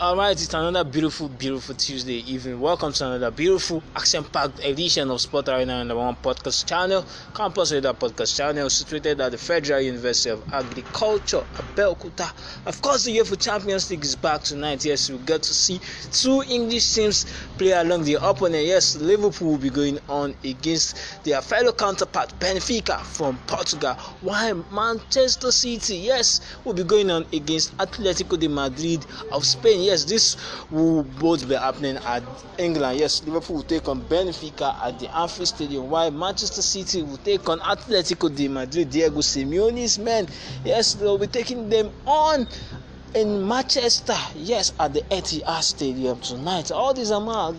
All right, it's another beautiful, beautiful Tuesday evening. Welcome to another beautiful, action-packed edition of Sport Arena and the One Podcast Channel. Campus Radar Podcast Channel, situated at the Federal University of Agriculture, Abeokuta. Of course, the UEFA Champions League is back tonight. Yes, we get to see two English teams play along the opponent. Yes, Liverpool will be going on against their fellow counterpart Benfica from Portugal. While Manchester City, yes, will be going on against Atletico de Madrid of Spain yes, this will both be happening at England. Yes, Liverpool will take on Benfica at the Anfield Stadium, while Manchester City will take on Atletico de Madrid. Diego Simeone's men, yes, they'll be taking them on in Manchester, yes, at the Etihad Stadium tonight. All these are, are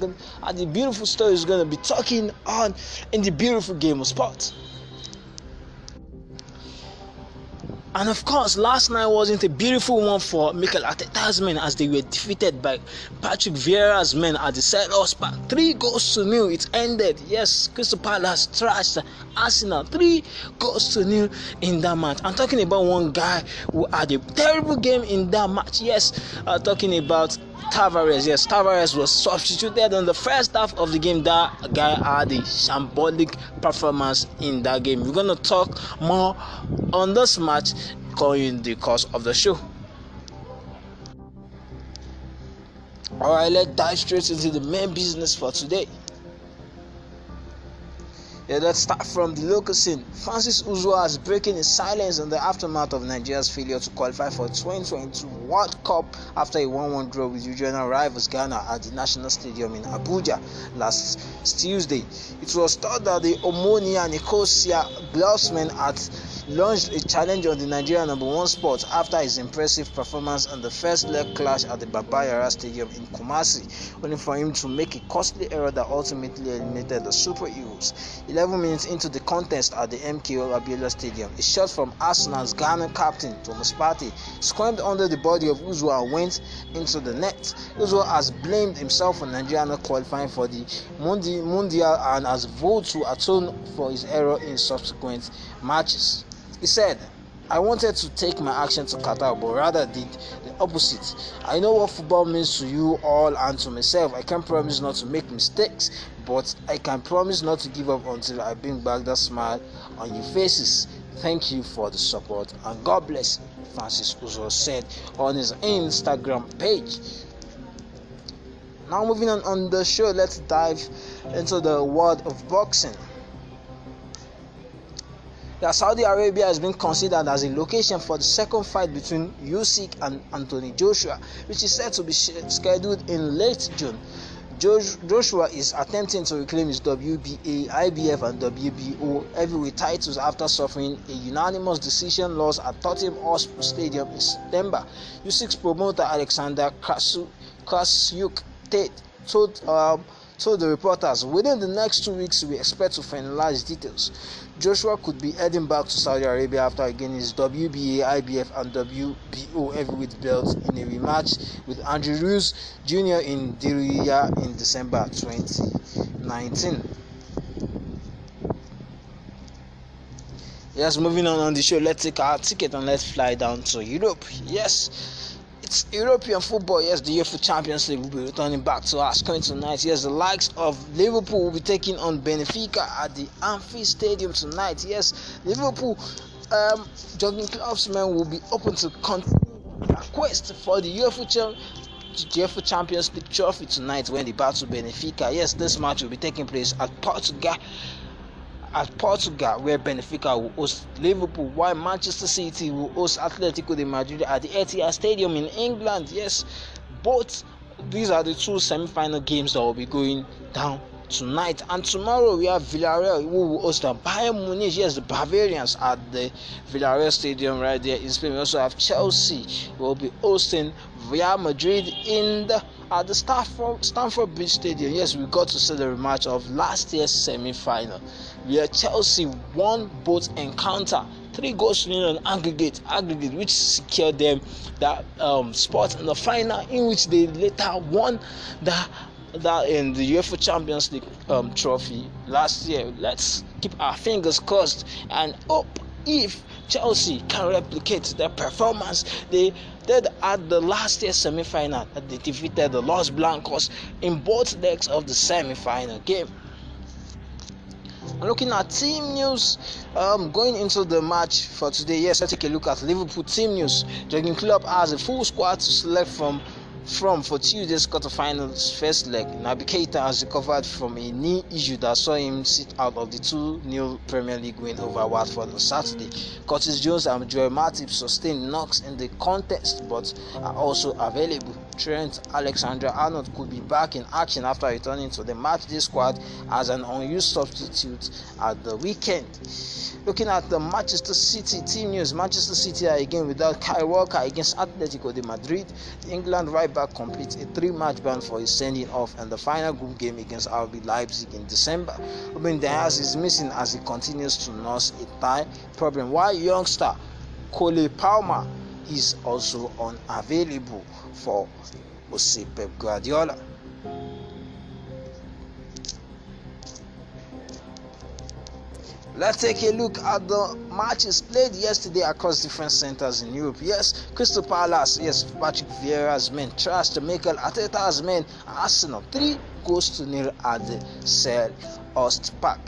the beautiful stories we're going to be talking on in the beautiful game of sports. And of course, last night wasn't a beautiful one for Mikel Arteta's men as they were defeated by Patrick Vieira's men at the Selhurst oh, Park. Three goals to nil, it ended. Yes, Crystal Palace trashed Arsenal. Three goals to nil in that match. I'm talking about one guy who had a terrible game in that match. Yes, uh, talking about Tavares. Yes, Tavares was substituted on the first half of the game. That guy had a shambolic performance in that game. We're gonna talk more on this match during the course of the show. Alright, let's dive straight into the main business for today. Yeah, let's start from the local scene. Francis Uzoa is breaking in silence in the aftermath of Nigeria's failure to qualify for 2022 World Cup after a 1-1 draw with regional rivals Ghana at the National Stadium in Abuja last Tuesday. It was thought that the Omonia Nicosia Blossman at launched a challenge on the Nigeria number one spot after his impressive performance in the first leg clash at the Babayara Stadium in Kumasi, only for him to make a costly error that ultimately eliminated the Super Eagles. 11 minutes into the contest at the MKO Abiola Stadium, a shot from Arsenal's Ghana captain Thomas Partey squirmed under the body of Uzwa and went into the net. Uzwa has blamed himself for Nigeria not qualifying for the Mundial and has vowed to atone for his error in subsequent matches. He said, I wanted to take my action to Qatar, but rather did the opposite. I know what football means to you all and to myself. I can promise not to make mistakes, but I can promise not to give up until I bring back that smile on your faces. Thank you for the support and God bless. Francis Uzo said on his Instagram page. Now moving on on the show, let's dive into the world of boxing that Saudi Arabia has been considered as a location for the second fight between Usyk and Anthony Joshua, which is said to be scheduled in late June. Joshua is attempting to reclaim his WBA, IBF, and WBO heavyweight titles after suffering a unanimous decision loss at Tottenham Hotspur Stadium in September. Usyk's promoter Alexander Krasyuk Tate told um, told the reporters, within the next two weeks, we expect to finalize details. Joshua could be heading back to Saudi Arabia after again his WBA, IBF, and WBO heavyweight belts in a rematch with Andrew Ruiz Jr. in Diriyah in December 2019. Yes, moving on on the show, let's take our ticket and let's fly down to Europe. Yes, European football, yes, the UEFA Champions League will be returning back to us coming tonight. Yes, the likes of Liverpool will be taking on Benfica at the Anfield Stadium tonight. Yes, Liverpool um, jogging clubs men will be open to continue their quest for the UEFA UEFA Champions League trophy tonight when they battle Benfica. Yes, this match will be taking place at Portugal at Portugal, where Benfica will host Liverpool, while Manchester City will host Atletico de Madrid at the Etihad Stadium in England. Yes, both these are the two semi-final games that will be going down tonight and tomorrow we have Villarreal who will host the Bayern Munich yes the Bavarians at the Villarreal stadium right there in Spain we also have Chelsea who will be hosting Real Madrid in the at the Stanford, Stanford Bridge Stadium, yes, we got to see the rematch of last year's semi final, where Chelsea won both encounter. Three goals to nil on aggregate, aggregate, which secured them that um, spot in the final, in which they later won the that in the UEFA Champions League um, trophy last year. Let's keep our fingers crossed and hope if Chelsea can replicate their performance they defeated at the last year's semi-final. They defeated the Los Blancos in both legs of the semi-final game. looking at team news, um, going into the match for today, yes, let's take a look at Liverpool team news. Jurgen Klopp has a full squad to select from from for Tuesday's quarterfinals first leg. Nabi Keita has recovered from a knee issue that saw him sit out of the 2 new Premier League win over Watford on Saturday. Curtis Jones and Joel Matip sustained knocks in the contest but are also available. Trent Alexander-Arnold could be back in action after returning to the matchday squad as an unused substitute at the weekend. Looking at the Manchester City team news, Manchester City are again without Kyle Walker against Atletico de Madrid. The England right back completes a three-match ban for his sending off and the final group game against RB Leipzig in December. Ruben Diaz is missing as he continues to nurse a thigh problem, while youngster Cole Palmer is also unavailable for, we Pep Guardiola. Let's take a look at the matches played yesterday across different centers in Europe. Yes, Crystal Palace, yes, Patrick Vieira's men Trust, Mikel Arteta's men Arsenal 3 goals to nil at the Selhurst Park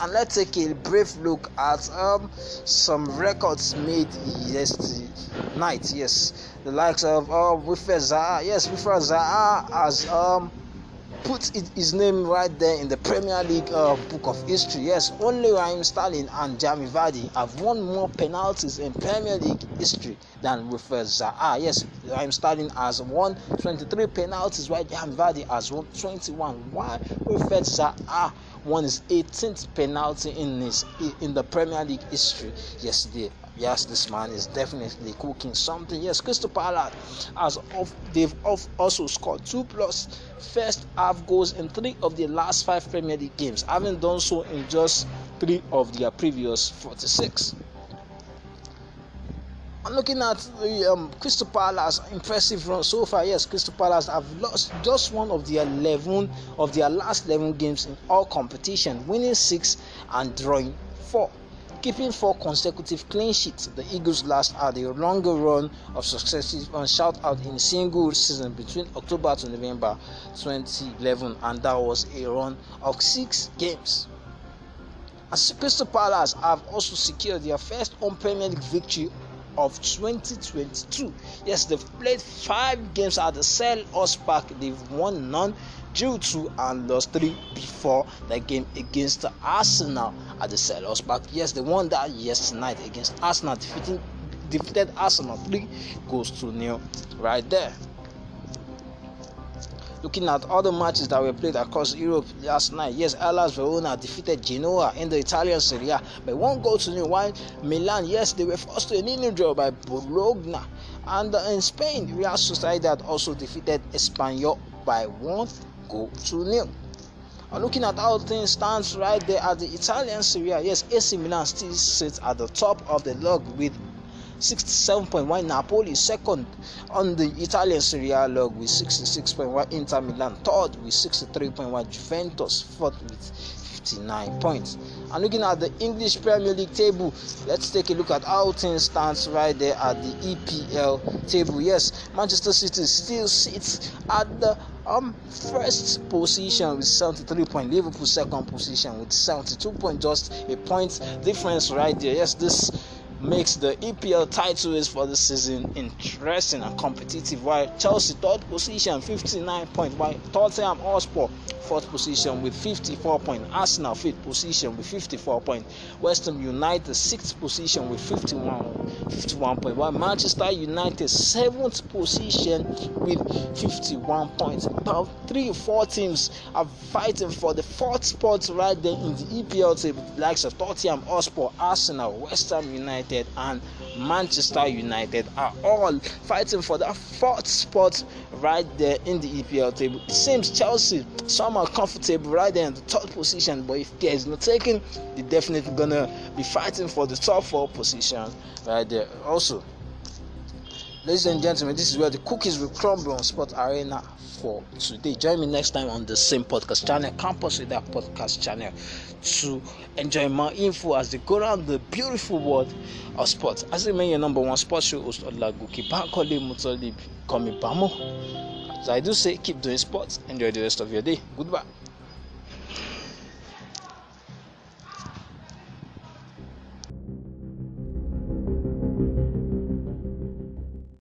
and let's take a brief look at um, some records made yesterday night. Yes, the likes of uh, Wifeza. Yes, Wifeza has um, put his name right there in the Premier League uh, book of history. Yes, only Raheem Sterling and Jamie Vardy have won more penalties in Premier League history than Rafael Zaha. Yes, Raheem Sterling has won 23 penalties, while Jamie Vardy has won 21. Why Rafael Zaha won his 18th penalty in his in the Premier League history yesterday? Yes, this man is definitely cooking something. Yes, Crystal Palace has off, they've off also scored two plus first half goals in three of the last five Premier League games, having done so in just three of their previous 46. I'm looking at the um, Crystal Palace impressive run so far. Yes, Crystal Palace have lost just one of their 11 of their last 11 games in all competition, winning six and drawing four. Keeping four consecutive clean sheets, the Eagles last had a longer run of successes on out in a single season between October to November 2011, and that was a run of six games. As Crystal Palace have also secured their first home Premier League victory of 2022. Yes, they've played five games at the Selhurst Park. They've won none due two and lost 3 before the game against Arsenal at the Sellers But Yes, the one that yesterday night against Arsenal, defeating, defeated Arsenal 3 goes to nil right there. Looking at all the matches that were played across Europe last night, yes, Alas Verona defeated Genoa in the Italian Serie A by one goal to nil. While Milan, yes, they were forced to a nil draw by Bologna. And in Spain, Real Sociedad also defeated Espanyol by one goal to nil. And looking at how things stands right there at the Italian Serie A, yes, AC Milan still sits at the top of the log with 67.1 Napoli second on the Italian Serie A log with 66.1 Inter Milan third with 63.1 Juventus fourth with 59 points and looking at the English Premier League table let's take a look at how things stands right there at the EPL table yes Manchester City still sits at the um first position with 73 point liverpool second position with 72 point just a point difference right there yes this makes the EPL title race for the season interesting and competitive, while Chelsea third position 59 points, while Tottenham Hotspur fourth position with 54 points, Arsenal fifth position with 54 points, West Ham United sixth position with 51, 51 points, while Manchester United seventh position with 51 points. About three or four teams are fighting for the fourth spot right there in the EPL table, likes of Tottenham Hotspur, Arsenal, West Ham United. United and Manchester United are all fighting for that fourth spot right there in the EPL table. It seems Chelsea some are comfortable right there in the top position, but if they is not taken, they're definitely gonna be fighting for the top four position right there. Also, Ladies and gentlemen, this is where the cookies will crumble on Sport Arena for today. Join me next time on the same podcast channel, Campus with that podcast channel, to enjoy more info as they go around the beautiful world of sports. As may your number one sports show host, Olaguki Bankole Mutolib Komibamo. As I do say, keep doing sports. Enjoy the rest of your day. Goodbye.